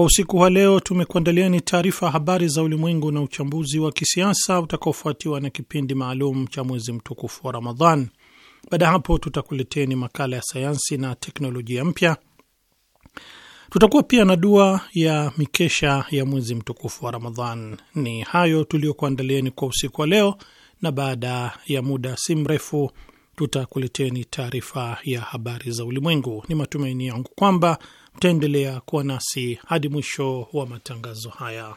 Kwa usiku wa leo tumekuandaliani taarifa ya habari za ulimwengu na uchambuzi wa kisiasa utakaofuatiwa na kipindi maalum cha mwezi mtukufu wa Ramadhan. Baada ya hapo, tutakuleteni makala ya sayansi na teknolojia mpya. Tutakuwa pia na dua ya mikesha ya mwezi mtukufu wa Ramadhan. Ni hayo tuliyokuandalieni kwa usiku wa leo, na baada ya muda si mrefu tutakuleteni taarifa ya habari za ulimwengu. Ni matumaini yangu kwamba Mtaendelea kuwa nasi hadi mwisho wa matangazo haya.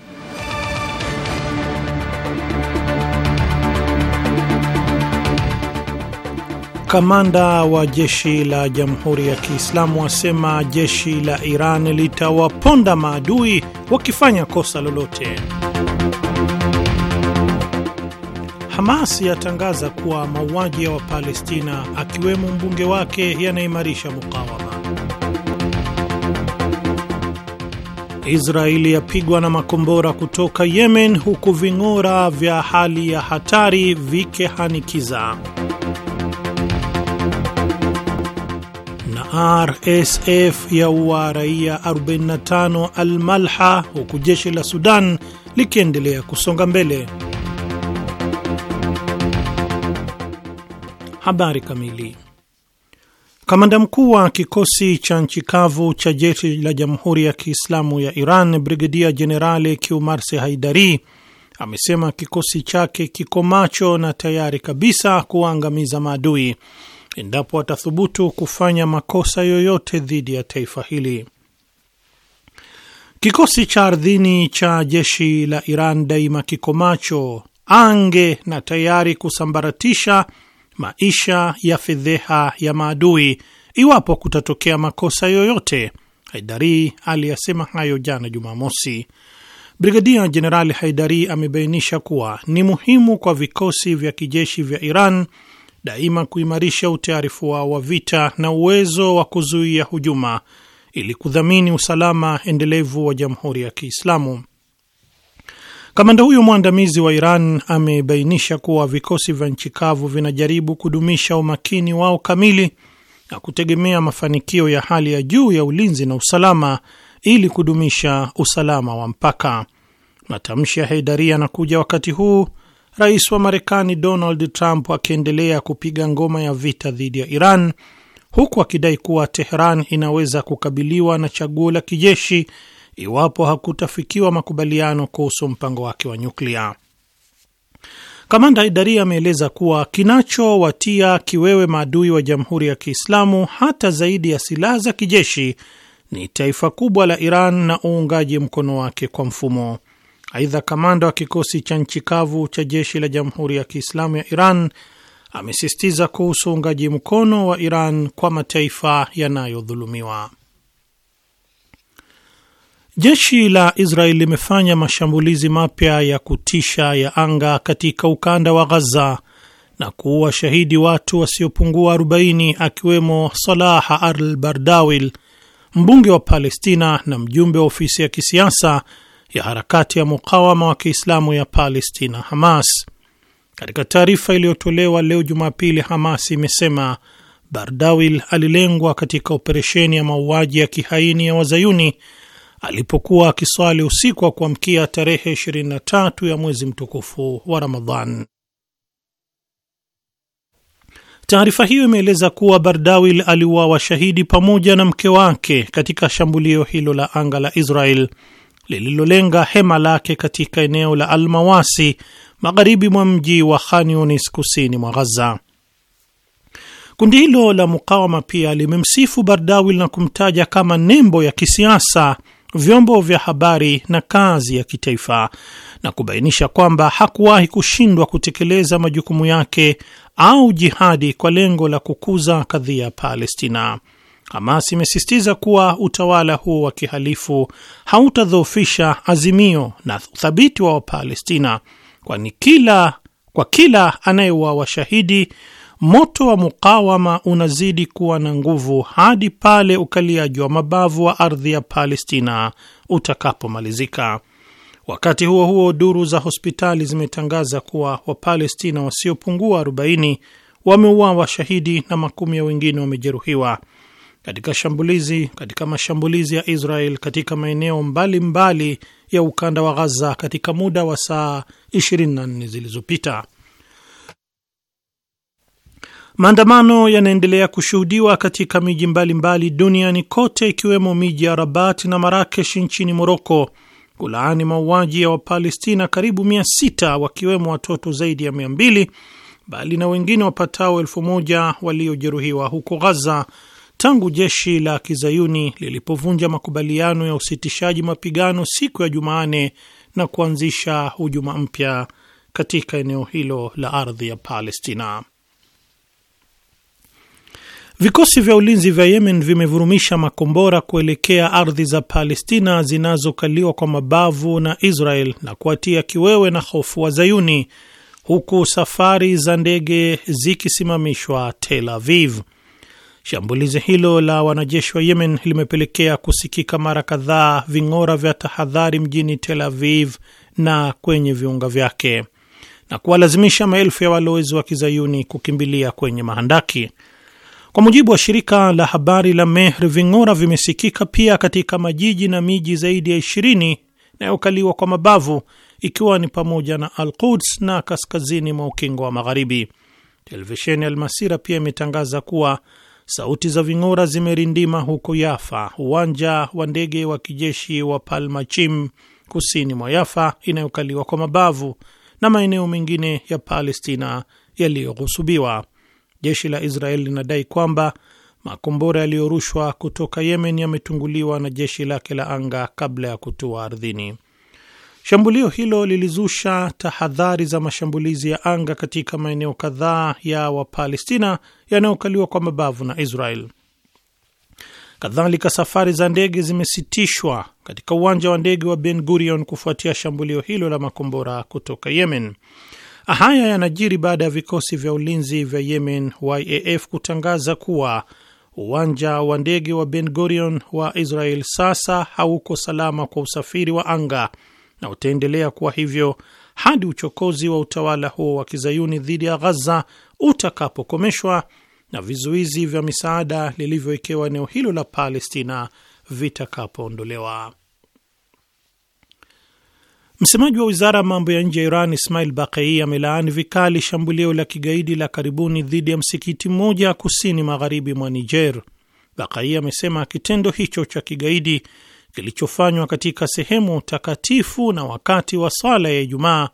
Kamanda wa jeshi la Jamhuri ya Kiislamu asema jeshi la Iran litawaponda maadui wakifanya kosa lolote. Hamas yatangaza kuwa mauaji ya Wapalestina akiwemo mbunge wake yanaimarisha mukawama. Israeli yapigwa na makombora kutoka Yemen huku ving'ora vya hali ya hatari vikehanikiza RSF yaua raia 45 Al-Malha, huku jeshi la Sudan likiendelea kusonga mbele. Habari kamili. Kamanda mkuu wa kikosi cha nchi kavu cha jeshi la Jamhuri ya Kiislamu ya Iran, Brigedia Jenerali Kiumarse Haidari amesema kikosi chake kiko macho na tayari kabisa kuangamiza maadui endapo atathubutu kufanya makosa yoyote dhidi ya taifa hili. Kikosi cha ardhini cha jeshi la Iran daima kiko macho, ange na tayari kusambaratisha maisha ya fedheha ya maadui iwapo kutatokea makosa yoyote. Haidari aliyasema hayo jana Jumamosi. Brigadia Jenerali Haidari amebainisha kuwa ni muhimu kwa vikosi vya kijeshi vya Iran daima kuimarisha utaarifu wao wa vita na uwezo wa kuzuia hujuma ili kudhamini usalama endelevu wa Jamhuri ya Kiislamu. Kamanda huyo mwandamizi wa Iran amebainisha kuwa vikosi vya nchi kavu vinajaribu kudumisha umakini wao kamili na kutegemea mafanikio ya hali ya juu ya ulinzi na usalama ili kudumisha usalama wa mpaka. Matamshi ya Heidaria yanakuja wakati huu rais wa Marekani Donald Trump akiendelea kupiga ngoma ya vita dhidi ya Iran huku akidai kuwa Teheran inaweza kukabiliwa na chaguo la kijeshi iwapo hakutafikiwa makubaliano kuhusu mpango wake wa nyuklia. Kamanda Idari ameeleza kuwa kinachowatia kiwewe maadui wa Jamhuri ya Kiislamu hata zaidi ya silaha za kijeshi ni taifa kubwa la Iran na uungaji mkono wake kwa mfumo Aidha, kamanda wa kikosi cha nchi kavu cha jeshi la Jamhuri ya Kiislamu ya Iran amesisitiza kuhusu uungaji mkono wa Iran kwa mataifa yanayodhulumiwa. Jeshi la israel limefanya mashambulizi mapya ya kutisha ya anga katika ukanda wa Ghaza na kuua shahidi watu wasiopungua 40 akiwemo Salaha al Bardawil, mbunge wa Palestina na mjumbe wa ofisi ya kisiasa ya harakati ya mukawama wa Kiislamu ya Palestina, Hamas. Katika taarifa iliyotolewa leo Jumapili, Hamas imesema Bardawil alilengwa katika operesheni ya mauaji ya kihaini ya wazayuni alipokuwa akiswali usiku wa kuamkia tarehe 23 ya mwezi mtukufu wa Ramadhan. Taarifa hiyo imeeleza kuwa Bardawil aliuawa shahidi pamoja na mke wake katika shambulio hilo la anga la Israel lililolenga hema lake katika eneo la Almawasi magharibi mwa mji wa Khan kusini mwa Ghaza. Kundi hilo la mukawama pia limemsifu Bardawil na kumtaja kama nembo ya kisiasa, vyombo vya habari na kazi ya kitaifa, na kubainisha kwamba hakuwahi kushindwa kutekeleza majukumu yake au jihadi kwa lengo la kukuza kadhia Palestina. Hamas imesisitiza kuwa utawala huo wa kihalifu hautadhoofisha azimio na uthabiti wa Wapalestina, kwani kila kwa kila anayeuawa washahidi, moto wa mukawama unazidi kuwa na nguvu hadi pale ukaliaji wa mabavu wa ardhi ya Palestina utakapomalizika. Wakati huo huo, duru za hospitali zimetangaza kuwa Wapalestina wasiopungua 40 wameuawa shahidi na makumi ya wengine wamejeruhiwa katika shambulizi katika mashambulizi ya Israel katika maeneo mbalimbali ya ukanda wa Ghaza katika muda wa saa 24 zilizopita. Maandamano yanaendelea kushuhudiwa katika miji mbalimbali duniani kote ikiwemo miji ya Rabat na Marakesh nchini Moroko kulaani mauaji ya Wapalestina karibu 600 wakiwemo watoto zaidi ya 200 bali na wengine wapatao elfu moja waliojeruhiwa huko Ghaza Tangu jeshi la kizayuni lilipovunja makubaliano ya usitishaji mapigano siku ya Jumanne na kuanzisha hujuma mpya katika eneo hilo la ardhi ya Palestina. Vikosi vya ulinzi vya Yemen vimevurumisha makombora kuelekea ardhi za Palestina zinazokaliwa kwa mabavu na Israel na kuatia kiwewe na hofu wa zayuni huku safari za ndege zikisimamishwa Tel Aviv. Shambulizi hilo la wanajeshi wa Yemen limepelekea kusikika mara kadhaa ving'ora vya tahadhari mjini Tel Aviv na kwenye viunga vyake na kuwalazimisha maelfu ya walowezi wa kizayuni kukimbilia kwenye mahandaki. Kwa mujibu wa shirika la habari la Mehr, ving'ora vimesikika pia katika majiji na miji zaidi ya ishirini inayokaliwa kwa mabavu ikiwa ni pamoja na Al Quds na kaskazini mwa ukingo wa Magharibi. Televisheni Almasira pia imetangaza kuwa Sauti za ving'ora zimerindima huko Yafa, uwanja wa ndege wa kijeshi wa Palmachim kusini mwa Yafa inayokaliwa kwa mabavu na maeneo mengine ya Palestina yaliyoghusubiwa. Jeshi la Israeli linadai kwamba makombora yaliyorushwa kutoka Yemen yametunguliwa na jeshi lake la anga kabla ya kutua ardhini. Shambulio hilo lilizusha tahadhari za mashambulizi ya anga katika maeneo kadhaa ya Wapalestina yanayokaliwa kwa mabavu na Israel. Kadhalika, safari za ndege zimesitishwa katika uwanja wa ndege wa Ben Gurion kufuatia shambulio hilo la makombora kutoka Yemen. Haya yanajiri baada ya vikosi vya ulinzi vya Yemen YAF kutangaza kuwa uwanja wa ndege wa Ben Gurion wa Israel sasa hauko salama kwa usafiri wa anga na utaendelea kuwa hivyo hadi uchokozi wa utawala huo wa kizayuni dhidi ya Ghaza utakapokomeshwa na vizuizi vya misaada lilivyowekewa eneo hilo la Palestina vitakapoondolewa. Msemaji wa wizara ya mambo ya nje ya Iran Ismail Bakei amelaani vikali shambulio la kigaidi la karibuni dhidi ya msikiti mmoja kusini magharibi mwa Niger. Bakai amesema kitendo hicho cha kigaidi kilichofanywa katika sehemu takatifu na wakati wa sala ya Ijumaa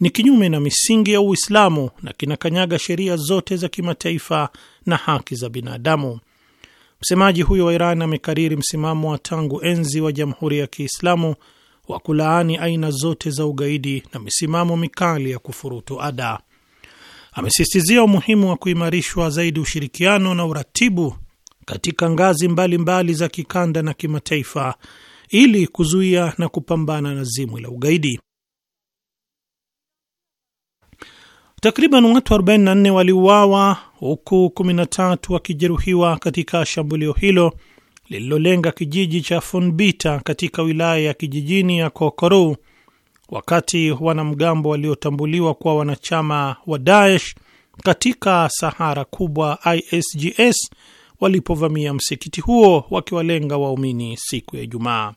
ni kinyume na misingi ya Uislamu na kinakanyaga sheria zote za kimataifa na haki za binadamu. Msemaji huyo wa Iran amekariri msimamo wa tangu enzi wa Jamhuri ya Kiislamu wa kulaani aina zote za ugaidi na misimamo mikali ya kufurutu ada. amesistizia umuhimu wa kuimarishwa zaidi ushirikiano na uratibu katika ngazi mbalimbali mbali za kikanda na kimataifa ili kuzuia na kupambana na zimwi la ugaidi. Takriban watu 44 waliuawa huku 13 wakijeruhiwa katika shambulio hilo lililolenga kijiji cha Fonbita katika wilaya ya kijijini ya Kokoru, wakati wanamgambo waliotambuliwa kuwa wanachama wa Daesh katika Sahara kubwa ISGS walipovamia msikiti huo wakiwalenga waumini siku ya Ijumaa.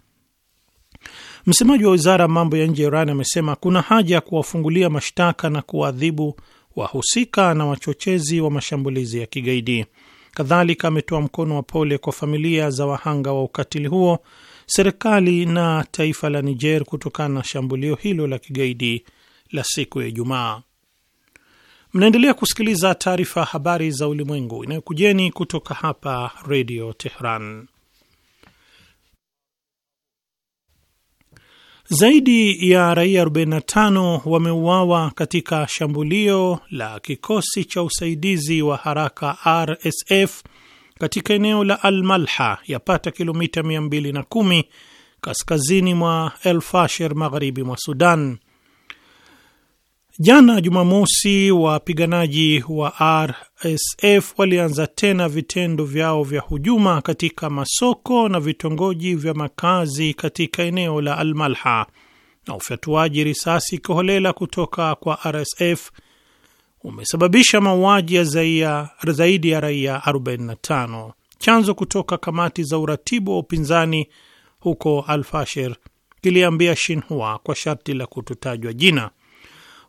Msemaji wa wizara ya mambo ya nje ya Iran amesema kuna haja ya kuwafungulia mashtaka na kuwaadhibu wahusika na wachochezi wa mashambulizi ya kigaidi. Kadhalika ametoa mkono wa pole kwa familia za wahanga wa ukatili huo, serikali na taifa la Niger kutokana na shambulio hilo la kigaidi la siku ya Ijumaa. Mnaendelea kusikiliza taarifa ya habari za ulimwengu inayokujeni kutoka hapa redio Tehran. Zaidi ya raia 45 wameuawa katika shambulio la kikosi cha usaidizi wa haraka RSF katika eneo la Almalha yapata kilomita 210 kaskazini mwa Elfasher, magharibi mwa Sudan. Jana Jumamosi, wapiganaji wa RSF walianza tena vitendo vyao vya hujuma katika masoko na vitongoji vya makazi katika eneo la Almalha, na ufyatuaji risasi kiholela kutoka kwa RSF umesababisha mauaji ya zaidi ya raia 45. Chanzo kutoka kamati za uratibu wa upinzani huko Alfashir kiliambia Shinhua kwa sharti la kutotajwa jina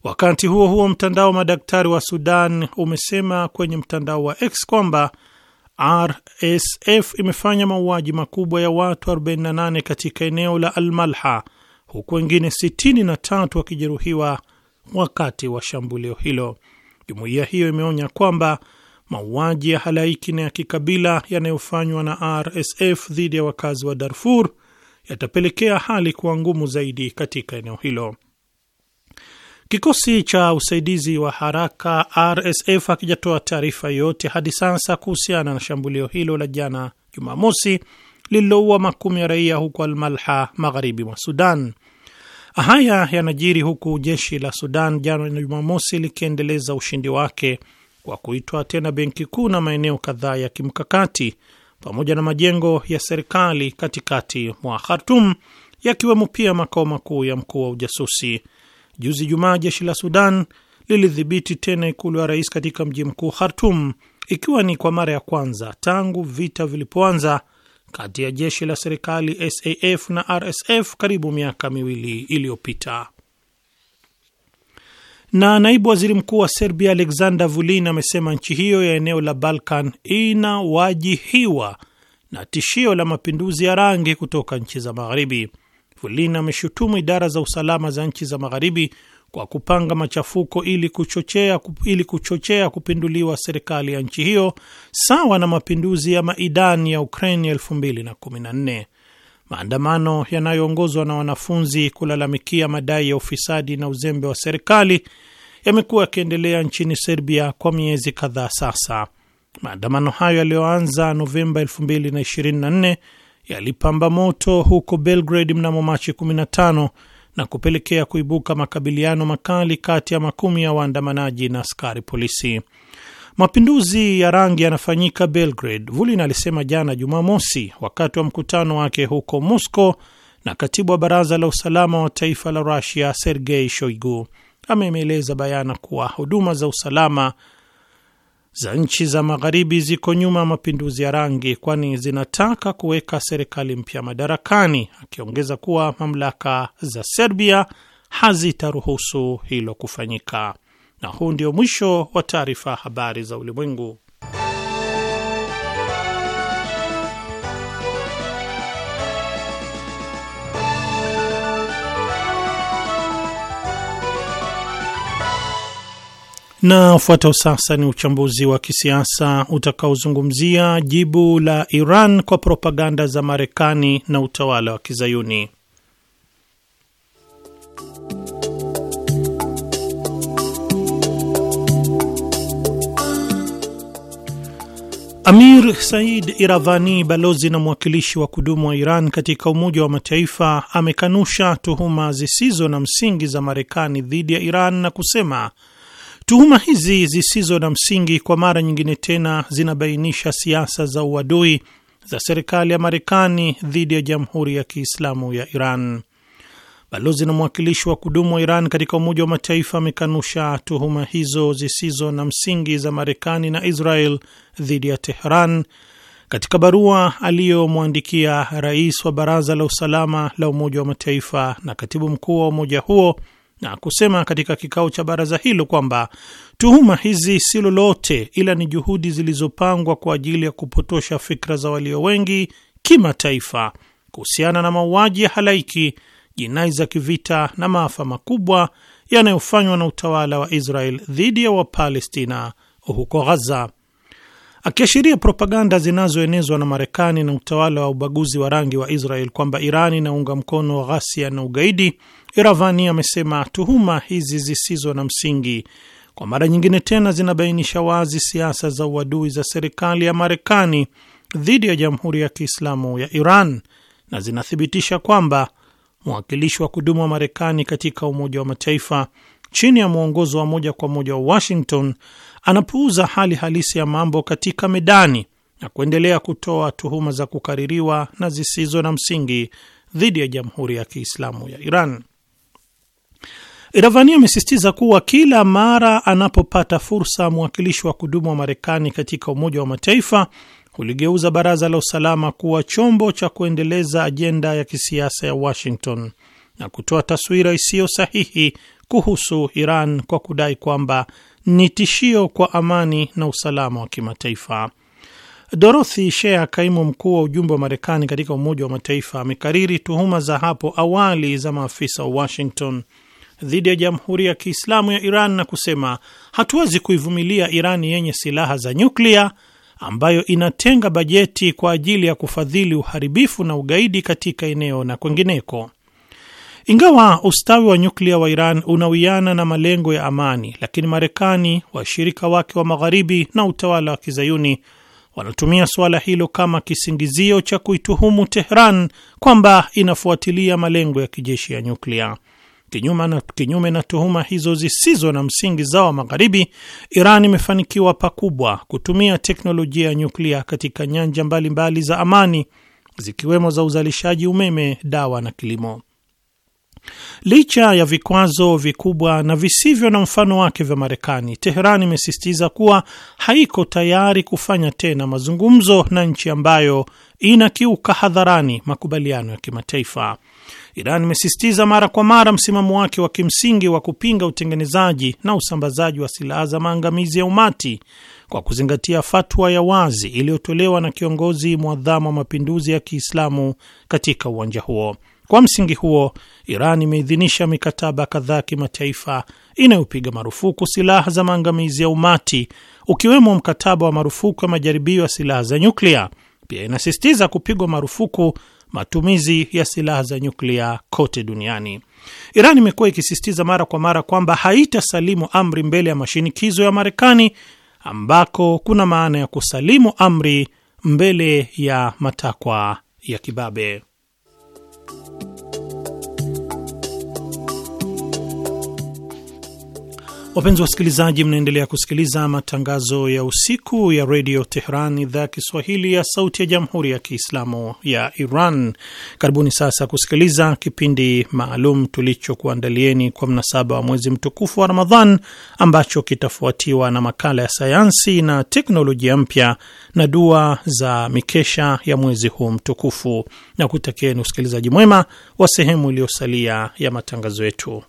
Wakati huo huo, mtandao wa madaktari wa Sudan umesema kwenye mtandao wa X kwamba RSF imefanya mauaji makubwa ya watu 48 katika eneo la Al-Malha huku wengine 63 wakijeruhiwa wakati wa shambulio hilo. Jumuiya hiyo imeonya kwamba mauaji ya halaiki na ya kikabila yanayofanywa na RSF dhidi ya wakazi wa Darfur yatapelekea hali kuwa ngumu zaidi katika eneo hilo. Kikosi cha usaidizi wa haraka RSF hakijatoa taarifa yoyote hadi sasa kuhusiana na shambulio hilo la jana Jumamosi lililoua makumi ya raia huko Almalha, magharibi mwa Sudan. Haya yanajiri huku jeshi la Sudan jana Jumamosi likiendeleza ushindi wake kwa kuitwa tena benki kuu na maeneo kadhaa ya kimkakati pamoja na majengo ya serikali katikati mwa Khartum, yakiwemo pia makao makuu ya mkuu wa ujasusi Juzi Jumaa, jeshi la Sudan lilidhibiti tena ikulu ya rais katika mji mkuu Khartum, ikiwa ni kwa mara ya kwanza tangu vita vilipoanza kati ya jeshi la serikali SAF na RSF karibu miaka miwili iliyopita. Na naibu waziri mkuu wa Serbia Alexander Vulin amesema nchi hiyo ya eneo la Balkan inawajihiwa na tishio la mapinduzi ya rangi kutoka nchi za Magharibi. Rivlin ameshutumu idara za usalama za nchi za Magharibi kwa kupanga machafuko ili kuchochea, ili kuchochea kupinduliwa serikali ya nchi hiyo sawa na mapinduzi ya Maidan ya Ukraine 2014. Maandamano yanayoongozwa na wanafunzi kulalamikia madai ya ufisadi na uzembe wa serikali yamekuwa yakiendelea nchini Serbia kwa miezi kadhaa sasa. Maandamano hayo yaliyoanza Novemba 2024 yalipamba moto huko Belgrade mnamo Machi 15 na kupelekea kuibuka makabiliano makali kati ya makumi ya waandamanaji na askari polisi. Mapinduzi ya rangi yanafanyika Belgrade, Vulin alisema jana Jumamosi wakati wa mkutano wake huko Moscow na katibu wa baraza la usalama wa taifa la Rusia Sergei Shoigu ameeleza bayana kuwa huduma za usalama za nchi za magharibi ziko nyuma ya mapinduzi ya rangi, kwani zinataka kuweka serikali mpya madarakani, akiongeza kuwa mamlaka za Serbia hazitaruhusu hilo kufanyika. Na huu ndio mwisho wa taarifa habari za ulimwengu. Na ufuatao sasa ni uchambuzi wa kisiasa utakaozungumzia jibu la Iran kwa propaganda za Marekani na utawala wa Kizayuni. Amir Said Iravani, balozi na mwakilishi wa kudumu wa Iran katika Umoja wa Mataifa, amekanusha tuhuma zisizo na msingi za Marekani dhidi ya Iran na kusema Tuhuma hizi zisizo na msingi kwa mara nyingine tena zinabainisha siasa za uadui za serikali ya Marekani dhidi ya Jamhuri ya Kiislamu ya Iran. Balozi na mwakilishi wa kudumu wa Iran katika Umoja wa Mataifa amekanusha tuhuma hizo zisizo na msingi za Marekani na Israel dhidi ya Tehran katika barua aliyomwandikia rais wa Baraza la Usalama la Umoja wa Mataifa na katibu mkuu wa umoja huo na kusema katika kikao cha baraza hilo kwamba tuhuma hizi si lolote ila ni juhudi zilizopangwa kwa ajili ya kupotosha fikra za walio wengi kimataifa kuhusiana na mauaji ya halaiki, jinai za kivita na maafa makubwa yanayofanywa na utawala wa Israel dhidi ya Wapalestina huko Ghaza. Akiashiria propaganda zinazoenezwa na Marekani na utawala wa ubaguzi wa rangi wa Israel kwamba Iran inaunga mkono wa ghasia na ugaidi, Iravani amesema tuhuma hizi zisizo na msingi kwa mara nyingine tena zinabainisha wazi siasa za uadui za serikali ya Marekani dhidi ya Jamhuri ya Kiislamu ya Iran na zinathibitisha kwamba mwakilishi wa kudumu wa Marekani katika Umoja wa Mataifa chini ya mwongozo wa moja kwa moja wa Washington anapuuza hali halisi ya mambo katika medani na kuendelea kutoa tuhuma za kukaririwa na zisizo na msingi dhidi ya Jamhuri ya Kiislamu ya Iran. Ravani amesisitiza kuwa kila mara anapopata fursa, mwakilishi wa kudumu wa Marekani katika Umoja wa Mataifa huligeuza Baraza la Usalama kuwa chombo cha kuendeleza ajenda ya kisiasa ya Washington na kutoa taswira isiyo sahihi kuhusu Iran kwa kudai kwamba ni tishio kwa amani na usalama wa kimataifa. Dorothy Shea, kaimu mkuu wa ujumbe wa Marekani katika Umoja wa Mataifa, amekariri tuhuma za hapo awali za maafisa wa Washington dhidi ya Jamhuri ya Kiislamu ya Iran na kusema hatuwezi kuivumilia Iran yenye silaha za nyuklia ambayo inatenga bajeti kwa ajili ya kufadhili uharibifu na ugaidi katika eneo na kwengineko. Ingawa ustawi wa nyuklia wa Iran unawiana na malengo ya amani, lakini Marekani, washirika wake wa Magharibi na utawala wa kizayuni wanatumia suala hilo kama kisingizio cha kuituhumu Tehran kwamba inafuatilia malengo ya kijeshi ya nyuklia. Kinyume na tuhuma hizo zisizo na msingi za wa Magharibi, Iran imefanikiwa pakubwa kutumia teknolojia ya nyuklia katika nyanja mbalimbali mbali za amani, zikiwemo za uzalishaji umeme, dawa na kilimo. Licha ya vikwazo vikubwa na visivyo na mfano wake vya Marekani, Teheran imesisitiza kuwa haiko tayari kufanya tena mazungumzo na nchi ambayo inakiuka hadharani makubaliano ya kimataifa. Iran imesisitiza mara kwa mara msimamo wake wa kimsingi wa kupinga utengenezaji na usambazaji wa silaha za maangamizi ya umati kwa kuzingatia fatwa ya wazi iliyotolewa na kiongozi mwadhamu wa mapinduzi ya Kiislamu katika uwanja huo. Kwa msingi huo, Iran imeidhinisha mikataba kadhaa kimataifa inayopiga marufuku silaha za maangamizi ya umati, ukiwemo mkataba wa marufuku ya majaribio ya silaha za nyuklia. Pia inasisitiza kupigwa marufuku matumizi ya silaha za nyuklia kote duniani. Iran imekuwa ikisisitiza mara kwa mara kwamba haitasalimu amri mbele ya mashinikizo ya Marekani, ambako kuna maana ya kusalimu amri mbele ya matakwa ya kibabe. Wapenzi wasikilizaji, mnaendelea kusikiliza matangazo ya usiku ya redio Tehran, idhaa ya Kiswahili ya sauti ya jamhuri ya kiislamu ya Iran. Karibuni sasa kusikiliza kipindi maalum tulichokuandalieni kwa mnasaba wa mwezi mtukufu wa Ramadhan, ambacho kitafuatiwa na makala ya sayansi na teknolojia mpya na dua za mikesha ya mwezi huu mtukufu, na kutakieni usikilizaji mwema wa sehemu iliyosalia ya matangazo yetu.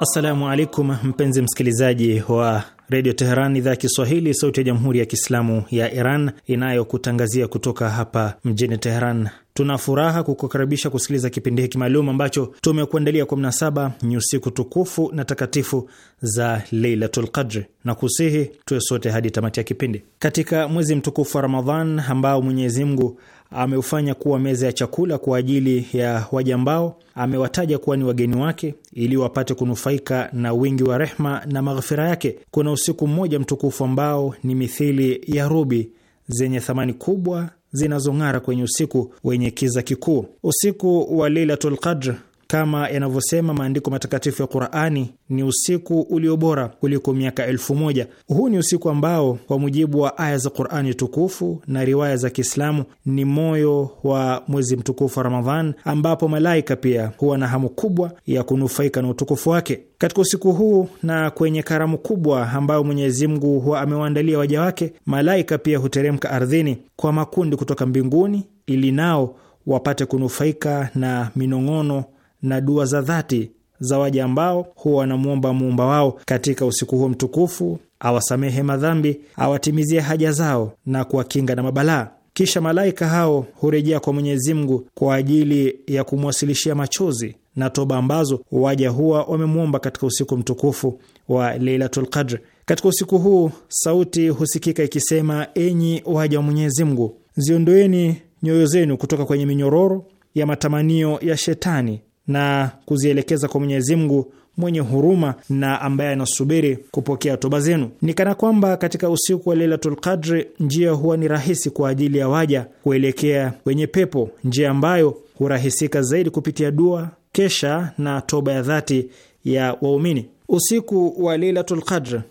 Assalamu alaikum mpenzi msikilizaji wa redio Teheran, idhaa ya Kiswahili, sauti ya jamhuri ya kiislamu ya Iran inayokutangazia kutoka hapa mjini Teheran. Tuna furaha kukukaribisha kusikiliza kipindi hiki maalum ambacho tumekuandalia kwa mnasaba usiku tukufu na takatifu za Leilatul Qadri, na kusihi tuwe sote hadi tamati ya kipindi katika mwezi mtukufu wa Ramadhan ambao Mwenyezi Mungu ameufanya kuwa meza ya chakula kwa ajili ya waja ambao amewataja kuwa ni wageni wake ili wapate kunufaika na wingi wa rehma na maghfira yake. Kuna usiku mmoja mtukufu ambao ni mithili ya rubi zenye thamani kubwa zinazong'ara kwenye usiku wenye kiza kikuu, usiku wa Lailatul Qadr kama yanavyosema maandiko matakatifu ya Qur'ani, ni usiku uliobora kuliko miaka elfu moja. Huu ni usiku ambao kwa mujibu wa aya za Qur'ani tukufu na riwaya za Kiislamu ni moyo wa mwezi mtukufu wa Ramadhan, ambapo malaika pia huwa na hamu kubwa ya kunufaika na utukufu wake. Katika usiku huu na kwenye karamu kubwa ambayo Mwenyezi Mungu huwa amewaandalia waja wake, malaika pia huteremka ardhini kwa makundi kutoka mbinguni ili nao wapate kunufaika na minong'ono na dua za dhati za waja ambao huwa wanamwomba muumba wao katika usiku huo mtukufu awasamehe madhambi, awatimizie haja zao na kuwakinga na mabalaa. Kisha malaika hao hurejea kwa Mwenyezi Mungu kwa ajili ya kumwasilishia machozi na toba ambazo waja huwa wamemwomba katika usiku mtukufu wa Lailatul Qadr. Katika usiku huu sauti husikika ikisema, enyi waja wa Mwenyezi Mungu, ziondoeni nyoyo zenu kutoka kwenye minyororo ya matamanio ya shetani na kuzielekeza kwa Mwenyezi Mungu mwenye huruma na ambaye anasubiri kupokea toba zenu. Ni kana kwamba katika usiku wa Lailatul Qadri njia huwa ni rahisi kwa ajili ya waja kuelekea kwenye pepo, njia ambayo hurahisika zaidi kupitia dua, kesha na toba ya dhati ya waumini. Usiku wa Lailatul Qadr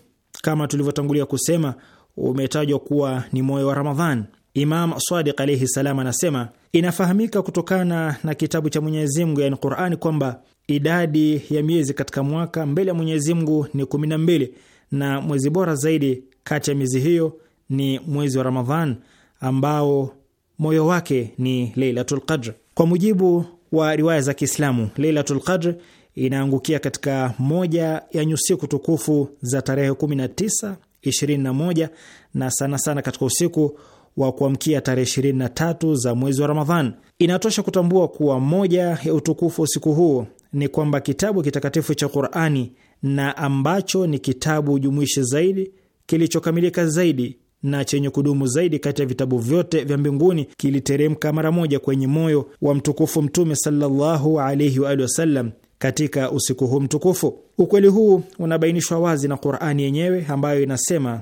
kama tulivyotangulia kusema umetajwa kuwa ni moyo wa Ramadhani. Imam Sadiq alaihi salam anasema inafahamika kutokana na kitabu cha Mwenyezi Mungu yani Qurani kwamba idadi ya miezi katika mwaka mbele ya Mwenyezi Mungu ni 12 na mwezi bora zaidi kati ya miezi hiyo ni mwezi wa Ramadhan ambao moyo wake ni Lailatul Qadr. Kwa mujibu wa riwaya za Kiislamu, Lailatul Qadr inaangukia katika moja ya nyusiku tukufu za tarehe 19, 21 na sana sana katika usiku wa kuamkia tarehe 23 za mwezi wa Ramadhan. Inatosha kutambua kuwa moja ya utukufu wa usiku huo ni kwamba kitabu kitakatifu cha Qur'ani na ambacho ni kitabu jumuishi zaidi kilichokamilika zaidi na chenye kudumu zaidi kati ya vitabu vyote vya mbinguni kiliteremka mara moja kwenye moyo wa mtukufu Mtume sallallahu wasallam katika usiku huu mtukufu. Ukweli huu unabainishwa wazi na Qur'ani yenyewe ambayo inasema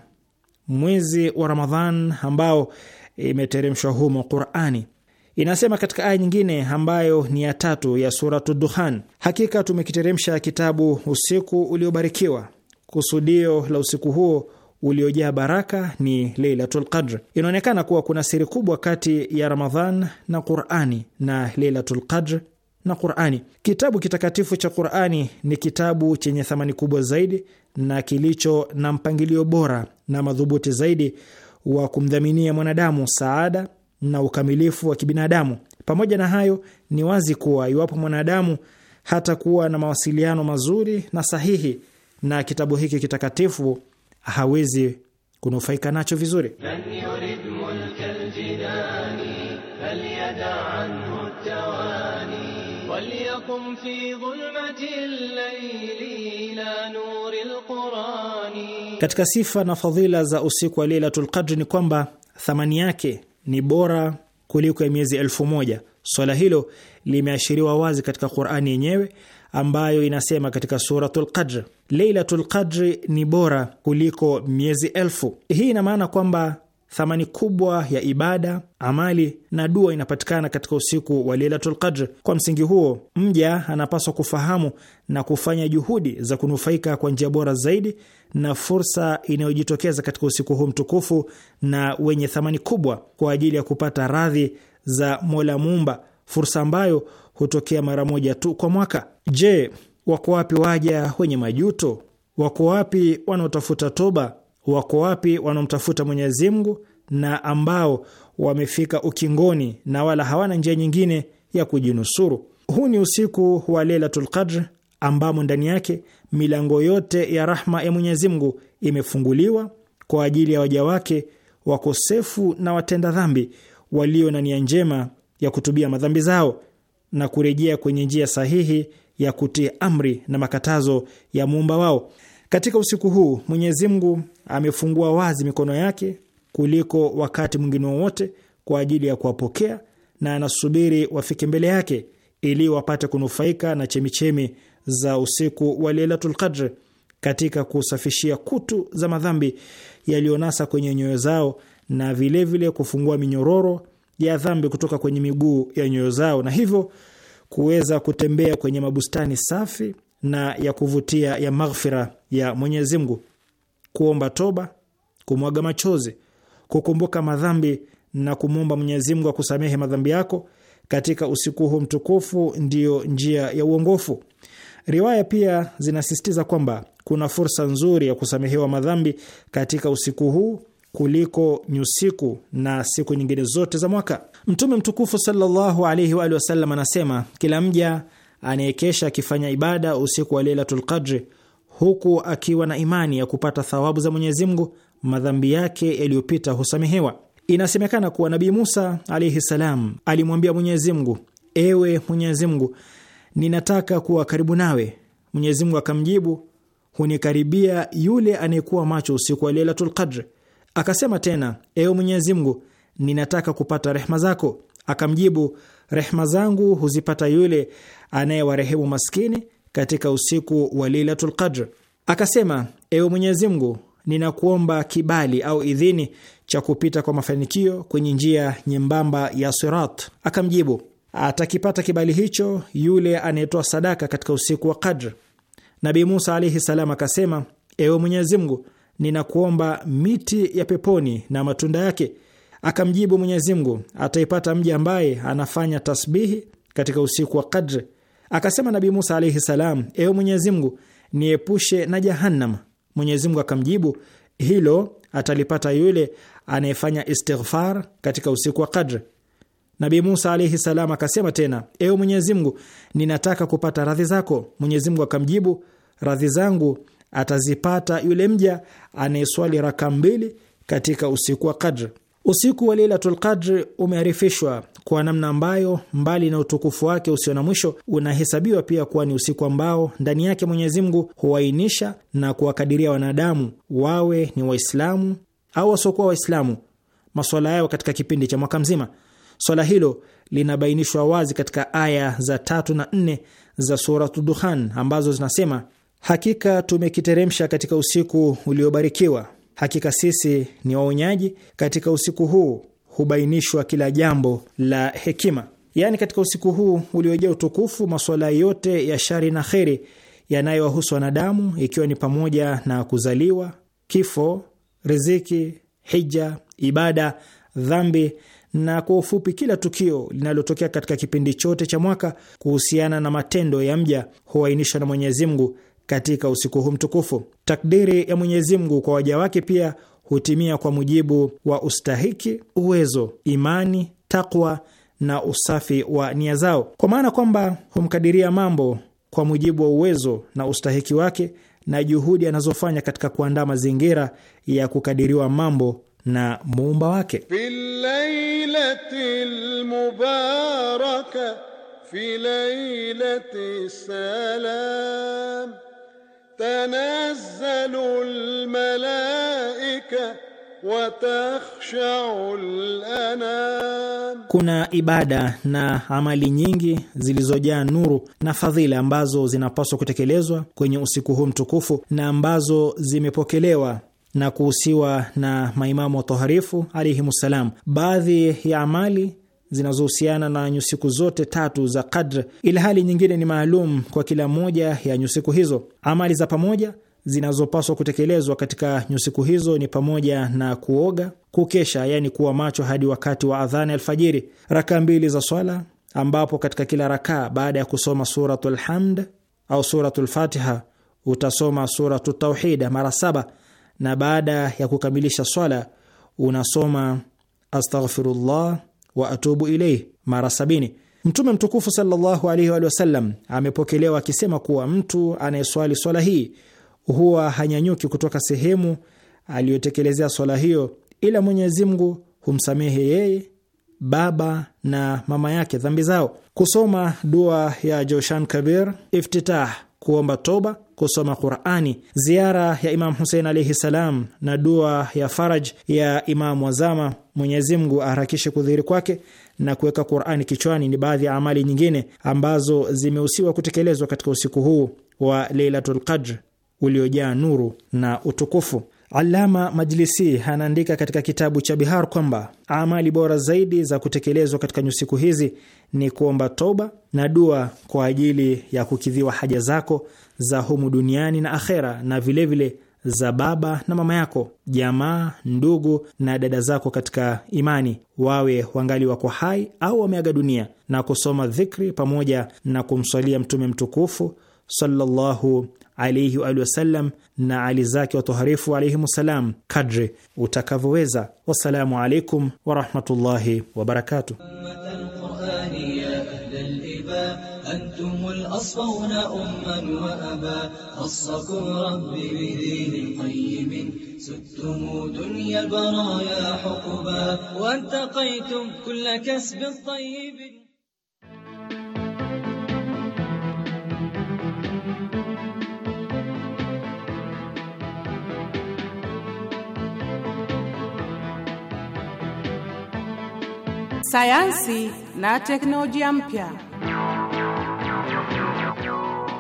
mwezi wa Ramadhan ambao imeteremshwa humo Qurani. Inasema katika aya nyingine ambayo ni ya tatu ya Suratu Dukhan, hakika tumekiteremsha kitabu usiku uliobarikiwa, kusudio la usiku huo uliojaa baraka ni Leilatu Lqadr. Inaonekana kuwa kuna siri kubwa kati ya Ramadhan na Qurani na Leilatu Lqadr na Qurani. Kitabu kitakatifu cha Qurani ni kitabu chenye thamani kubwa zaidi na kilicho na mpangilio bora na madhubuti zaidi wa kumdhaminia mwanadamu saada na ukamilifu wa kibinadamu. Pamoja na hayo, ni wazi kuwa iwapo mwanadamu hata kuwa na mawasiliano mazuri na sahihi na kitabu hiki kitakatifu, hawezi kunufaika nacho vizuri. Katika sifa na fadhila za usiku wa Lailatul Qadri ni kwamba thamani yake ni bora kuliko ya miezi elfu moja. Swala hilo limeashiriwa wazi katika Qur'ani yenyewe ambayo inasema katika Suratul Qadr, Lailatul Qadri ni bora kuliko miezi elfu. Hii ina maana kwamba thamani kubwa ya ibada, amali na dua inapatikana katika usiku wa Lailatul Qadr. Kwa msingi huo, mja anapaswa kufahamu na kufanya juhudi za kunufaika kwa njia bora zaidi na fursa inayojitokeza katika usiku huu mtukufu na wenye thamani kubwa kwa ajili ya kupata radhi za Mola Muumba, fursa ambayo hutokea mara moja tu kwa mwaka. Je, wako wapi waja wenye majuto? Wako wapi wanaotafuta toba? Wako wapi wanaomtafuta Mwenyezi Mungu na ambao wamefika ukingoni na wala hawana njia nyingine ya kujinusuru? Huu ni usiku wa Lailatul Qadr ambamo ndani yake milango yote ya rahma ya Mwenyezi Mungu imefunguliwa kwa ajili ya waja wake wakosefu na watenda dhambi walio na nia njema ya kutubia madhambi zao na kurejea kwenye njia sahihi ya kutii amri na makatazo ya muumba wao. Katika usiku huu Mwenyezi Mungu amefungua wazi mikono yake kuliko wakati mwingine wowote kwa ajili ya kuwapokea, na anasubiri wafike mbele yake ili wapate kunufaika na chemichemi za usiku wa Lailatul Qadr katika kusafishia kutu za madhambi yaliyonasa kwenye nyoyo zao na vilevile vile kufungua minyororo ya dhambi kutoka kwenye miguu ya nyoyo zao na hivyo kuweza kutembea kwenye mabustani safi na ya kuvutia ya maghfira ya Mwenyezi Mungu. Kuomba toba, kumwaga machozi, kukumbuka madhambi na kumwomba Mwenyezi Mungu akusamehe madhambi yako katika usiku huu mtukufu ndiyo njia ya uongofu. Riwaya pia zinasisitiza kwamba kuna fursa nzuri ya kusamehewa madhambi katika usiku huu kuliko nyusiku na siku nyingine zote za mwaka. Mtume mtukufu sallallahu alaihi wa alihi wasallam anasema, kila mja anayekesha akifanya ibada usiku wa Lailatul Qadri huku akiwa na imani ya kupata thawabu za Mwenyezi Mungu, madhambi yake yaliyopita husamehewa. Inasemekana kuwa Nabii Musa alaihi salam alimwambia Mwenyezi Mungu, ewe Mwenyezi Mungu, ninataka kuwa karibu nawe. Mwenyezi Mungu akamjibu, hunikaribia yule anayekuwa macho usiku wa Lailatul Qadr. Akasema tena, ewe Mwenyezi Mungu, ninataka kupata rehma zako. Akamjibu, rehma zangu huzipata yule anayewarehemu maskini katika usiku wa Lailatul Qadr. Akasema, ewe Mwenyezi Mungu, ninakuomba kibali au idhini cha kupita kwa mafanikio kwenye njia nyembamba ya Sirat. Akamjibu, atakipata kibali hicho yule anayetoa sadaka katika usiku wa Qadr. nabi Musa alaihi salam akasema, ewe Mwenyezi Mungu, ninakuomba miti ya peponi na matunda yake. Akamjibu Mwenyezi Mungu, ataipata mji ambaye anafanya tasbihi katika usiku wa Qadr. Akasema nabi Musa alaihi salam, ewe Mwenyezi Mungu, niepushe na Jahannam. Mwenyezi Mungu akamjibu, hilo atalipata yule anayefanya istighfar katika usiku wa Qadr. Nabii Musa alaihi salam akasema tena, ewe Mwenyezi Mungu, ninataka kupata radhi zako. Mwenyezi Mungu akamjibu, radhi zangu atazipata yule mja anayeswali raka mbili katika usiku wa Qadri. Usiku wa Lailatul Qadr umearifishwa kwa namna ambayo mbali na utukufu wake usio na mwisho unahesabiwa pia kuwa ni usiku ambao ndani yake Mwenyezi Mungu huainisha na kuwakadiria wanadamu, wawe ni Waislamu au wasiokuwa Waislamu, maswala yao katika kipindi cha mwaka mzima. Swala hilo linabainishwa wazi katika aya za tatu na nne za Suratu Duhan ambazo zinasema, hakika tumekiteremsha katika usiku uliobarikiwa, hakika sisi ni waonyaji, katika usiku huu hubainishwa kila jambo la hekima. Yaani, katika usiku huu uliojaa utukufu, masuala yote ya shari na kheri yanayowahusu wanadamu, ikiwa ni pamoja na kuzaliwa, kifo, riziki, hija, ibada, dhambi na kwa ufupi kila tukio linalotokea katika kipindi chote cha mwaka kuhusiana na matendo ya mja huainishwa na Mwenyezi Mungu katika usiku huu mtukufu. Takdiri ya Mwenyezi Mungu kwa waja wake pia hutimia kwa mujibu wa ustahiki, uwezo, imani, takwa na usafi wa nia zao, kwa maana kwamba humkadiria mambo kwa mujibu wa uwezo na ustahiki wake na juhudi anazofanya katika kuandaa mazingira ya kukadiriwa mambo na muumba wake. kuna ibada na amali nyingi zilizojaa nuru na fadhila ambazo zinapaswa kutekelezwa kwenye usiku huu mtukufu na ambazo zimepokelewa na kuhusiwa na maimamu watoharifu alaihimsalam Baadhi ya amali zinazohusiana na nyusiku zote tatu za Qadr, ilhali nyingine ni maalum kwa kila moja ya nyusiku hizo. Amali za pamoja zinazopaswa kutekelezwa katika nyusiku hizo ni pamoja na kuoga, kukesha, yani kuwa macho hadi wakati wa adhani alfajiri, rakaa mbili za swala, ambapo katika kila rakaa baada ya kusoma suratu lhamd au suratu lfatiha utasoma Suratu Tauhid mara saba na baada ya kukamilisha swala unasoma astaghfirullah wa atubu ilaih mara sabini. Mtume mtukufu sallallahu alaihi wa sallam amepokelewa akisema kuwa mtu anayeswali swala hii huwa hanyanyuki kutoka sehemu aliyotekelezea swala hiyo, ila Mwenyezi Mungu humsamehe yeye, baba na mama yake dhambi zao. Kusoma dua ya Joshan Kabir, iftitah, kuomba toba kusoma Qurani, ziara ya Imam Husein alaihi salam na dua ya faraj ya imamu Wazama, Mwenyezi Mungu aharakishe kudhihiri kwake na kuweka Qurani kichwani, ni baadhi ya amali nyingine ambazo zimehusiwa kutekelezwa katika usiku huu wa Leilatul Qadr uliojaa nuru na utukufu. Alama Majlisi anaandika katika kitabu cha Bihar kwamba amali bora zaidi za kutekelezwa katika nyusiku hizi ni kuomba toba na dua kwa ajili ya kukidhiwa haja zako za humu duniani na akhera, na vilevile vile za baba na mama yako, jamaa, ndugu na dada zako katika imani, wawe wangali wako hai au wameaga dunia, na kusoma dhikri pamoja na kumswalia Mtume mtukufu sallallahu alaihi waalihi wasallam na ali zake watoharifu alaihimussalam kadri utakavyoweza. Wassalamu alaikum warahmatullahi wabarakatuh. أصفون أما وأبا خصكم ربي بدين قيم ستم دنيا البرايا حقبا وانتقيتم كل كسب طيب sayansi na teknolojia mpya.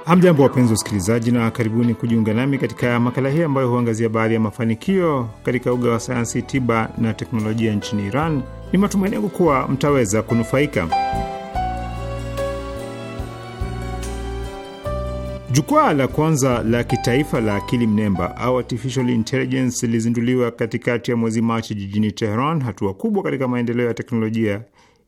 Hamjambo, wapenzi wa usikilizaji na karibuni kujiunga nami katika makala hii ambayo huangazia baadhi ya mafanikio katika uga wa sayansi, tiba na teknolojia nchini Iran. Ni matumaini yangu kuwa mtaweza kunufaika. Jukwaa la kwanza la kitaifa la akili mnemba au artificial intelligence lilizinduliwa katikati ya mwezi Machi jijini Teheran, hatua kubwa katika maendeleo ya teknolojia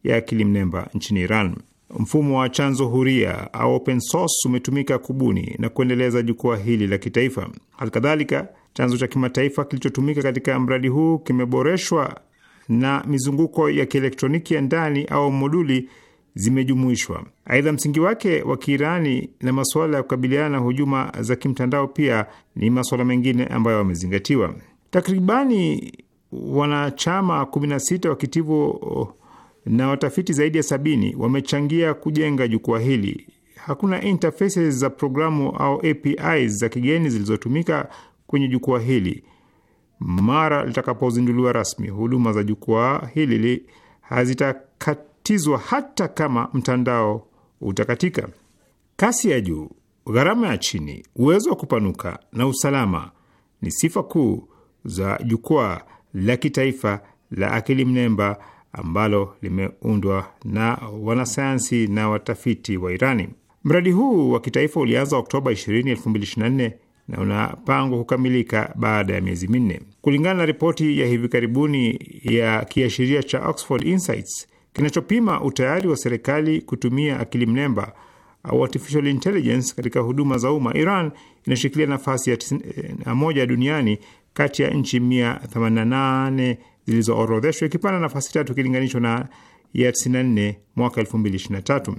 ya akili mnemba nchini Iran. Mfumo wa chanzo huria au open source umetumika kubuni na kuendeleza jukwaa hili la kitaifa. Halikadhalika, chanzo cha kimataifa kilichotumika katika mradi huu kimeboreshwa na mizunguko ya kielektroniki ya ndani au moduli zimejumuishwa. Aidha, msingi wake wa Kiirani na masuala ya kukabiliana na hujuma za kimtandao pia ni masuala mengine ambayo wamezingatiwa. Takribani wanachama 16 wa kitivo na watafiti zaidi ya sabini wamechangia kujenga jukwaa hili. Hakuna interfaces za programu au APIs za kigeni zilizotumika kwenye jukwaa hili. Mara litakapozinduliwa rasmi, huduma za jukwaa hili hazitakatizwa hata kama mtandao utakatika. Kasi ya juu, gharama ya chini, uwezo wa kupanuka na usalama ni sifa kuu za jukwaa la kitaifa la akili mnemba ambalo limeundwa na wanasayansi na watafiti wa Irani. Mradi huu wa kitaifa ulianza Oktoba 20, 2024 na unapangwa kukamilika baada ya miezi minne, kulingana na ripoti ya hivi karibuni ya kiashiria cha Oxford Insights kinachopima utayari wa serikali kutumia akili mnemba au artificial intelligence katika huduma za umma. Iran inashikilia nafasi ya 91 eh, duniani kati ya nchi 188 zilizoorodheshwa ikipanda nafasi tatu ikilinganishwa na ya 94 mwaka 2023.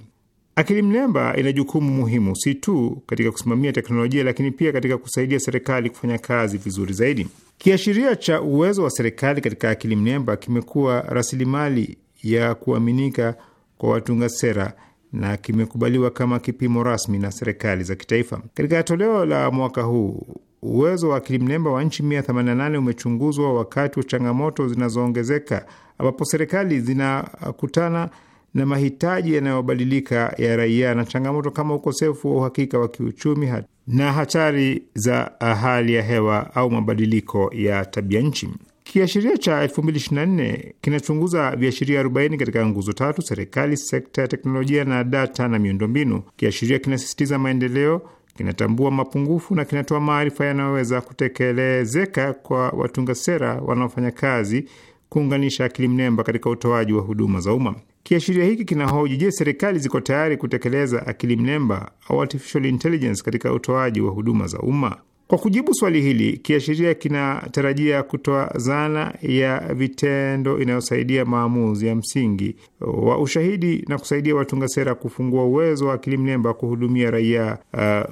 Akili mnemba ina jukumu muhimu si tu katika kusimamia teknolojia, lakini pia katika kusaidia serikali kufanya kazi vizuri zaidi. Kiashiria cha uwezo wa serikali katika akili mnemba kimekuwa rasilimali ya kuaminika kwa watunga sera na kimekubaliwa kama kipimo rasmi na serikali za kitaifa. Katika toleo la mwaka huu, Uwezo wa akili mnemba wa nchi 188 umechunguzwa wakati wa changamoto zinazoongezeka, ambapo serikali zinakutana na mahitaji yanayobadilika ya raia na changamoto kama ukosefu wa uhakika wa kiuchumi na hatari za ah, hali ya hewa au mabadiliko ya tabia nchi. Kiashiria cha 2024 kinachunguza viashiria 40 katika nguzo tatu: serikali, sekta ya teknolojia na data na miundombinu. Kiashiria kinasisitiza maendeleo kinatambua mapungufu na kinatoa maarifa yanayoweza kutekelezeka kwa watunga sera wanaofanya kazi kuunganisha akili mnemba katika utoaji wa huduma za umma. Kiashiria hiki kinahoji, je, serikali ziko tayari kutekeleza akili mnemba au artificial intelligence katika utoaji wa huduma za umma? Kwa kujibu swali hili, kiashiria kinatarajia kutoa zana ya vitendo inayosaidia maamuzi ya msingi wa ushahidi na kusaidia watunga sera kufungua uwezo wa akili mnemba kuhudumia raia uh,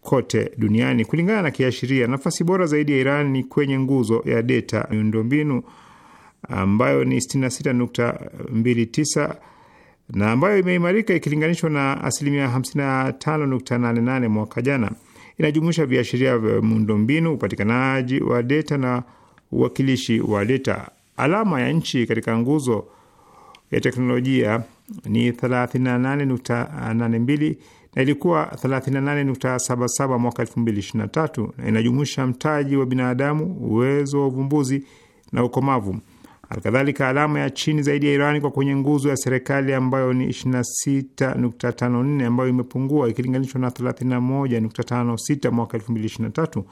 kote duniani. Kulingana na kiashiria, nafasi bora zaidi ya Iran ni kwenye nguzo ya data miundombinu ambayo ni 66.29 na ambayo imeimarika ikilinganishwa na asilimia 55.88 mwaka jana inajumuisha viashiria vya muundombinu, upatikanaji wa deta na uwakilishi wa deta. Alama ya nchi katika nguzo ya teknolojia ni 38.82 na ilikuwa 38.77 mwaka 2023 na inajumuisha mtaji wa binadamu, uwezo wa uvumbuzi na ukomavu. Halikadhalika, alama ya chini zaidi ya Iran kwa kwenye nguzo ya serikali ambayo ni 26.54 ambayo imepungua ikilinganishwa na 31.56 mwaka 2023.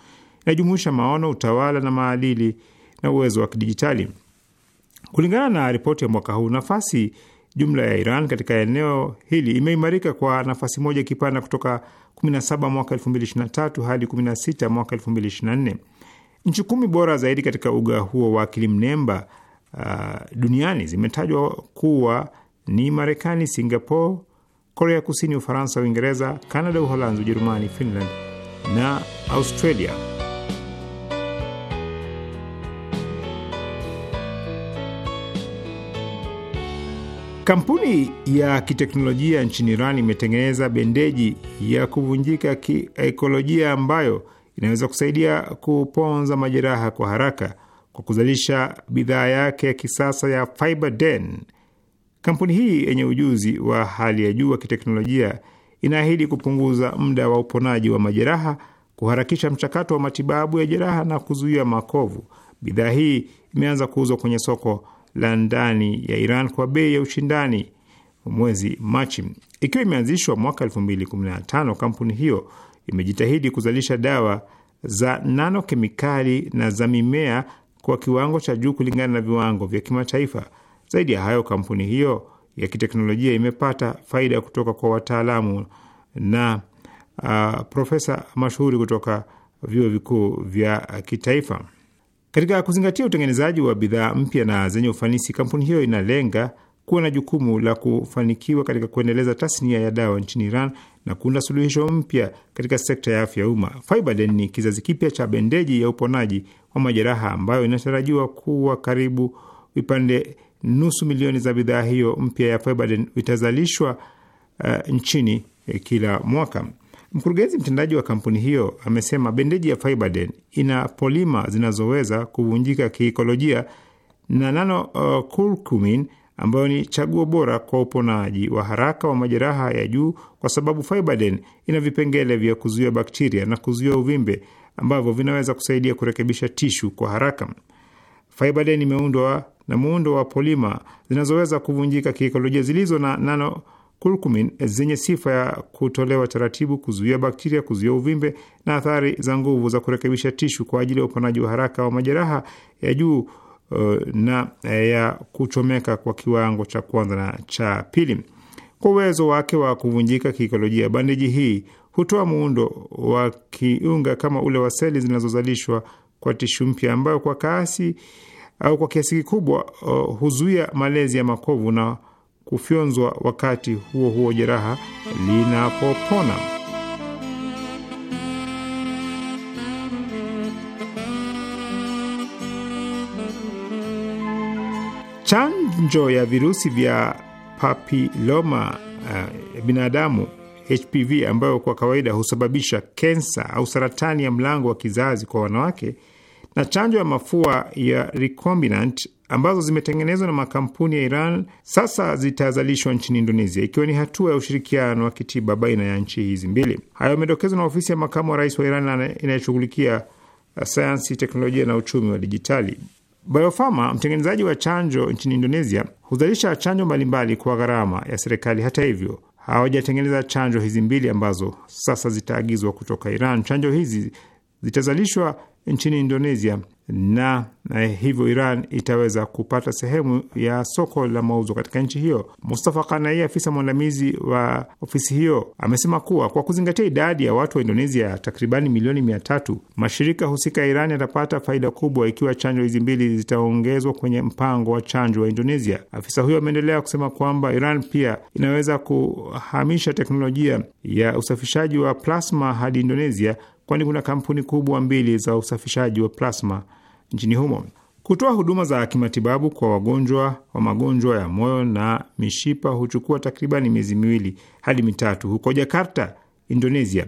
Inajumuisha maono, utawala na maadili na uwezo wa kidijitali. Kulingana na ripoti ya mwaka huu, nafasi jumla ya Iran katika eneo hili imeimarika kwa nafasi moja ikipanda kutoka 17 mwaka 2023 hadi 16 mwaka 2024. Nchi kumi bora zaidi katika uga huo wa akili mnemba uh, duniani zimetajwa kuwa ni Marekani, Singapore, Korea Kusini, Ufaransa, Uingereza, Kanada, Uholanzi, Ujerumani, Finland na Australia. Kampuni ya kiteknolojia nchini Iran imetengeneza bendeji ya kuvunjika kiekolojia ambayo inaweza kusaidia kuponza majeraha kwa haraka kwa kuzalisha bidhaa yake ya kisasa ya FiberDen. Kampuni hii yenye ujuzi wa hali ya juu wa kiteknolojia inaahidi kupunguza muda wa uponaji wa majeraha, kuharakisha mchakato wa matibabu ya jeraha na kuzuia makovu. Bidhaa hii imeanza kuuzwa kwenye soko la ndani ya Iran kwa bei ya ushindani mwezi Machi. Ikiwa imeanzishwa mwaka 2015, kampuni hiyo imejitahidi kuzalisha dawa za nanokemikali na za mimea kwa kiwango cha juu kulingana na viwango vya kimataifa. Zaidi ya hayo, kampuni hiyo ya kiteknolojia imepata faida kutoka kwa wataalamu na uh, profesa mashuhuri kutoka vyuo vikuu vya kitaifa. Katika kuzingatia utengenezaji wa bidhaa mpya na zenye ufanisi, kampuni hiyo inalenga kuwa na jukumu la kufanikiwa katika kuendeleza tasnia ya dawa nchini Iran na kuunda suluhisho mpya katika sekta ya afya ya umma. Faibalin ni kizazi kipya cha bendeji ya uponaji wa majeraha ambayo inatarajiwa kuwa karibu vipande nusu milioni za bidhaa hiyo mpya ya Fibaden itazalishwa uh, nchini eh, kila mwaka. Mkurugenzi mtendaji wa kampuni hiyo amesema bendeji ya Fibaden ina polima zinazoweza kuvunjika kiikolojia na nano uh, curcumin ambayo ni chaguo bora kwa uponaji wa haraka wa majeraha ya juu, kwa sababu Fibaden ina vipengele vya kuzuia bakteria na kuzuia uvimbe ambavyo vinaweza kusaidia kurekebisha tishu kwa haraka. Fiber line imeundwa na muundo wa polima zinazoweza kuvunjika kiikolojia zilizo na nano curcumin zenye sifa ya kutolewa taratibu, kuzuia bakteria, kuzuia uvimbe na athari za nguvu za kurekebisha tishu kwa ajili ya uponaji wa haraka wa majeraha ya juu uh, na eh, ya kuchomeka kwa kiwango cha kwanza na cha pili. Kwa uwezo wake wa kuvunjika kiikolojia, bandeji hii hutoa muundo wa kiunga kama ule wa seli zinazozalishwa kwa tishu mpya ambayo kwa kasi au kwa kiasi kikubwa uh, huzuia malezi ya makovu na kufyonzwa wakati huo huo jeraha linapopona. Chanjo ya virusi vya papiloma uh, binadamu HPV ambayo kwa kawaida husababisha kensa au saratani ya mlango wa kizazi kwa wanawake na chanjo ya mafua ya recombinant ambazo zimetengenezwa na makampuni ya Iran sasa zitazalishwa nchini Indonesia, ikiwa ni hatua ya ushirikiano wa kitiba baina ya nchi hizi mbili. Hayo yamedokezwa na ofisi ya makamu wa rais wa Iran inayoshughulikia uh, sayansi, teknolojia na uchumi wa dijitali. Biofarma, mtengenezaji wa chanjo nchini Indonesia, huzalisha chanjo mbalimbali kwa gharama ya serikali. Hata hivyo hawajatengeneza chanjo hizi mbili ambazo sasa zitaagizwa kutoka Iran. Chanjo hizi zitazalishwa nchini Indonesia na eh, hivyo Iran itaweza kupata sehemu ya soko la mauzo katika nchi hiyo. Mustafa Kanai, afisa mwandamizi wa ofisi hiyo, amesema kuwa kwa kuzingatia idadi ya watu wa Indonesia takribani milioni mia tatu, mashirika husika ya Iran yatapata faida kubwa ikiwa chanjo hizi mbili zitaongezwa kwenye mpango wa chanjo wa Indonesia. Afisa huyo ameendelea kusema kwamba Iran pia inaweza kuhamisha teknolojia ya usafishaji wa plasma hadi Indonesia kwani kuna kampuni kubwa mbili za usafishaji wa plasma nchini humo. Kutoa huduma za kimatibabu kwa wagonjwa wa magonjwa ya moyo na mishipa huchukua takribani miezi miwili hadi mitatu huko Jakarta, Indonesia.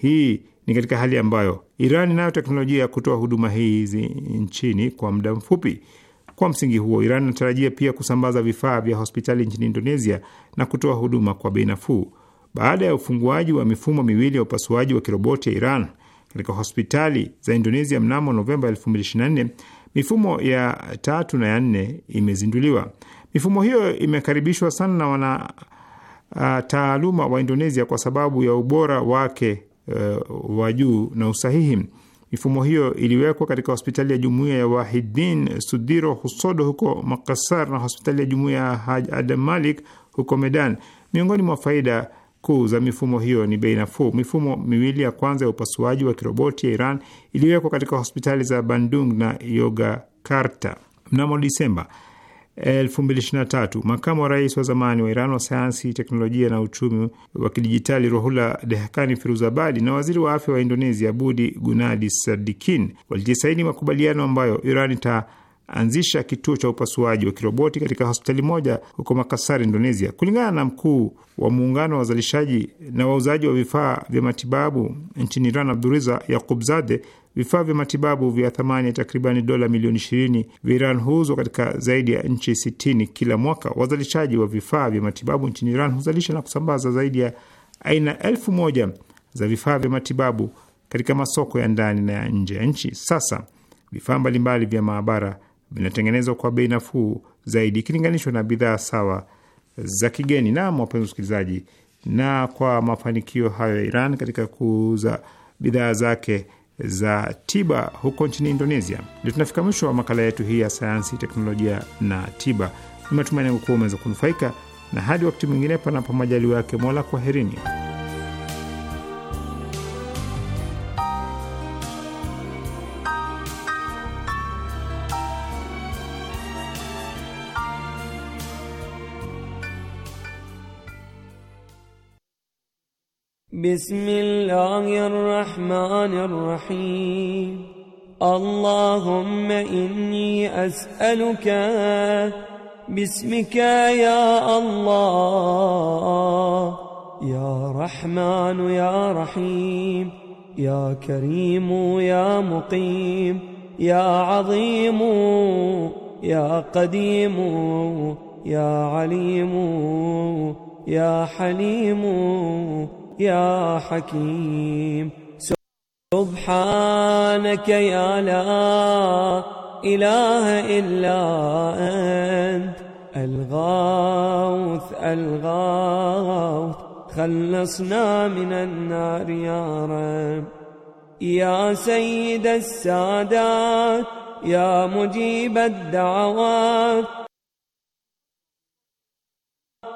Hii ni katika hali ambayo Iran inayo teknolojia ya kutoa huduma hizi nchini kwa muda mfupi. Kwa msingi huo, Iran inatarajia pia kusambaza vifaa vya hospitali nchini Indonesia na kutoa huduma kwa bei nafuu. Baada ya ufunguaji wa mifumo miwili ya upasuaji wa kiroboti ya Iran katika hospitali za Indonesia mnamo Novemba 2024, mifumo ya tatu na ya nne imezinduliwa. Mifumo hiyo imekaribishwa sana na wana uh, taaluma wa Indonesia kwa sababu ya ubora wake uh, wa juu na usahihi. Mifumo hiyo iliwekwa katika hospitali ya jumuiya ya Wahidin Sudiro Husodo huko Makassar na hospitali ya jumuiya ya Haj Adam Malik huko Medan. Miongoni mwa faida kuu za mifumo hiyo ni bei nafuu. Mifumo miwili ya kwanza ya upasuaji wa kiroboti ya Iran iliyowekwa katika hospitali za Bandung na Yogyakarta mnamo Disemba 2023 makamu wa rais wa zamani wa Iran wa sayansi, teknolojia na uchumi wa kidijitali Rohula Dehkani Firuzabadi na waziri wa afya wa Indonesia Budi Gunadi Sadikin walijisaini makubaliano ambayo Iran ita anzisha kituo cha upasuaji wa kiroboti katika hospitali moja huko Makassar, Indonesia. Kulingana na mkuu wa muungano wa wazalishaji na wauzaji wa vifaa vya matibabu nchini Iran, Abduriza Yakubzade, vifaa vya matibabu vya thamani ya takribani dola milioni ishirini vya Iran huuzwa katika zaidi ya nchi sitini kila mwaka. Wazalishaji wa vifaa vya matibabu nchini Iran huzalisha na kusambaza zaidi ya aina elfu moja za vifaa vya matibabu katika masoko ya ndani na ya nje ya nchi. Sasa vifaa mbalimbali vya maabara vinatengenezwa kwa bei nafuu zaidi ikilinganishwa na bidhaa sawa za kigeni. Naam, wapenzi wasikilizaji, na kwa mafanikio hayo ya Iran katika kuuza bidhaa zake za tiba huko nchini Indonesia, ndio tunafika mwisho wa makala yetu hii ya sayansi, teknolojia na tiba. Ni matumaini yangu kuwa umeweza kunufaika na. Hadi wakati mwingine, panapo majaliwa yake Mola, kwaherini. بسم الله الرحمن الرحيم اللهم إني أسألك باسمك يا الله يا رحمن يا رحيم يا كريم يا مقيم يا عظيم يا قديم يا عليم يا حليم يا حكيم سبحانك يا لا إله إلا أنت الغوث الغوث خلصنا من النار يا رب يا سيد السادات يا مجيب الدعوات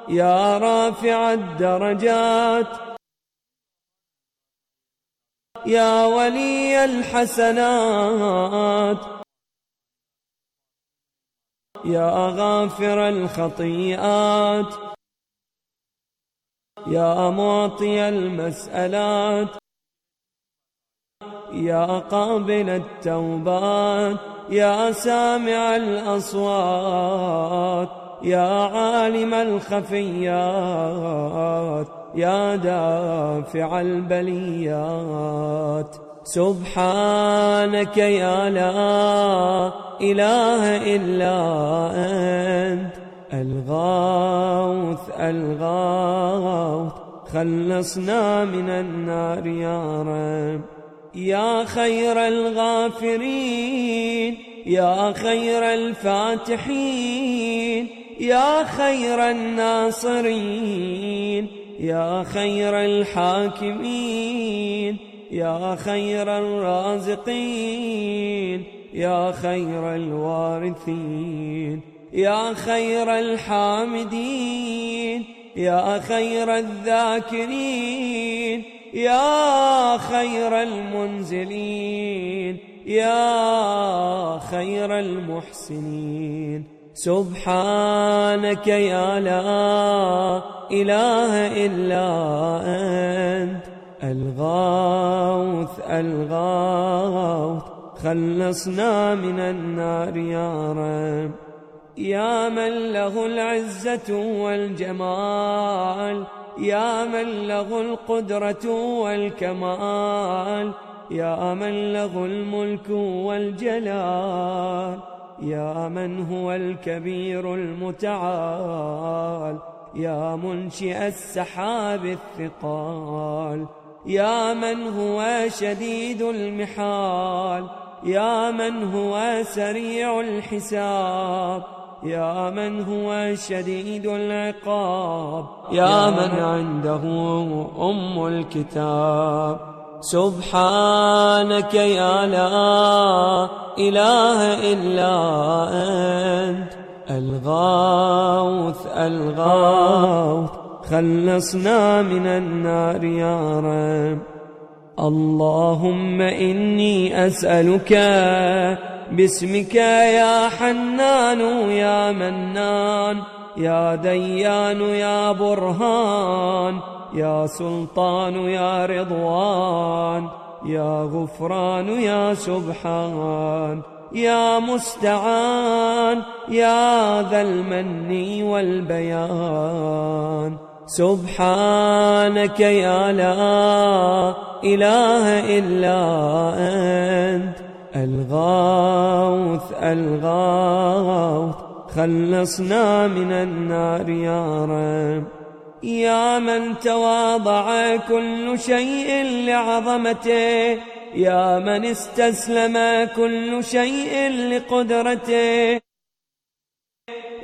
يا رافع الدرجات يا ولي الحسنات يا غافر الخطيئات يا معطي المسألات يا قابل التوبات يا سامع الأصوات يا عالم الخفيات يا دافع البليات سبحانك يا لا إله إلا أنت الغوث الغوث خلصنا من النار يا رب يا خير الغافرين يا خير الفاتحين يا خير الناصرين يا خير الحاكمين يا خير الرازقين يا خير الوارثين يا خير الحامدين يا خير الذاكرين يا خير المنزلين يا خير المحسنين سبحانك يا لا إله إلا أنت الغوث الغوث خلصنا من النار يا رب يا من له العزة والجمال يا من له القدرة والكمال يا من له الملك والجلال يا من هو الكبير المتعال يا منشئ السحاب الثقال يا من هو شديد المحال يا من هو سريع الحساب يا من هو شديد العقاب يا من عنده أم الكتاب سبحانك يا لا إله إلا أنت الغوث الغوث خلصنا من النار يا رب اللهم إني أسألك باسمك يا حنان يا منان يا ديان يا برهان يا سلطان يا رضوان يا غفران يا سبحان يا مستعان يا ذا المن والبيان سبحانك يا لا إله إلا أنت الغوث الغوث خلصنا من النار يا رب يا من تواضع كل شيء لعظمته يا من استسلم كل شيء لقدرته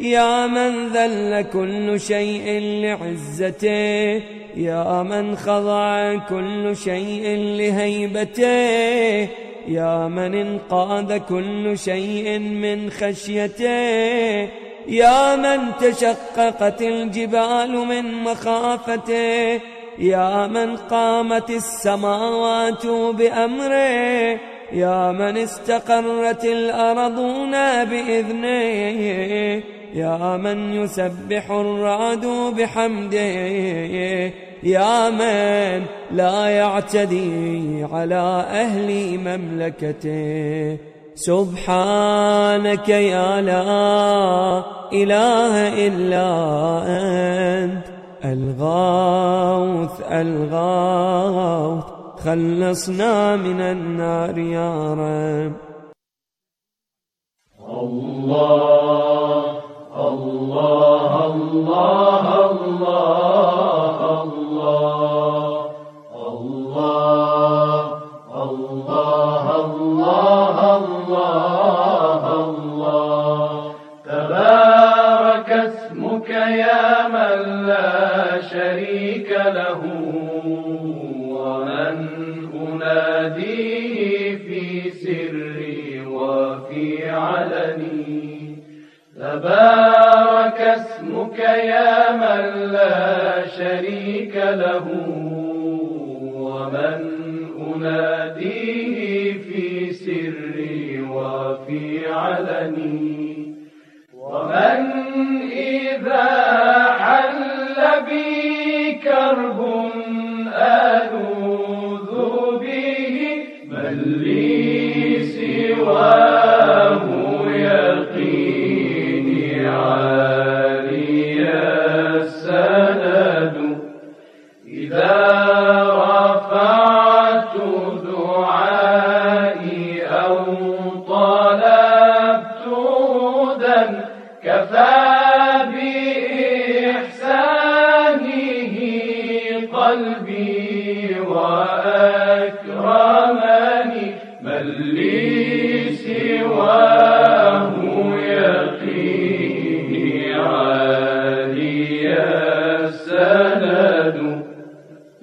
يا من ذل كل شيء لعزته يا من خضع كل شيء لهيبته يا من انقاد كل شيء من خشيته يا من تشققت الجبال من مخافته يا من قامت السماوات بأمره يا من استقرت الأرضون بإذنه يا من يسبح الرعد بحمده يا من لا يعتدي على أهل مملكته سبحانك يا لا إله إلا أنت الغوث الغوث خلصنا من النار يا رب الله الله الله الله له ومن أناديه في سري وفي علني تبارك اسمك يا من لا شريك له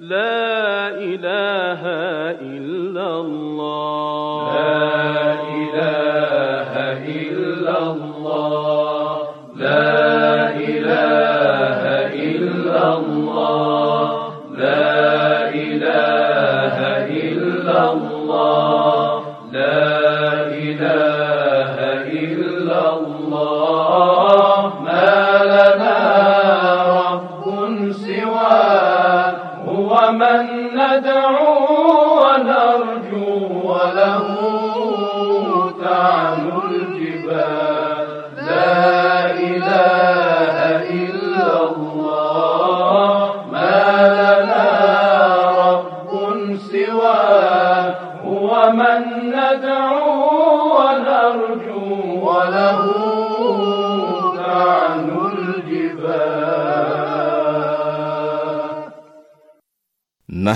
لا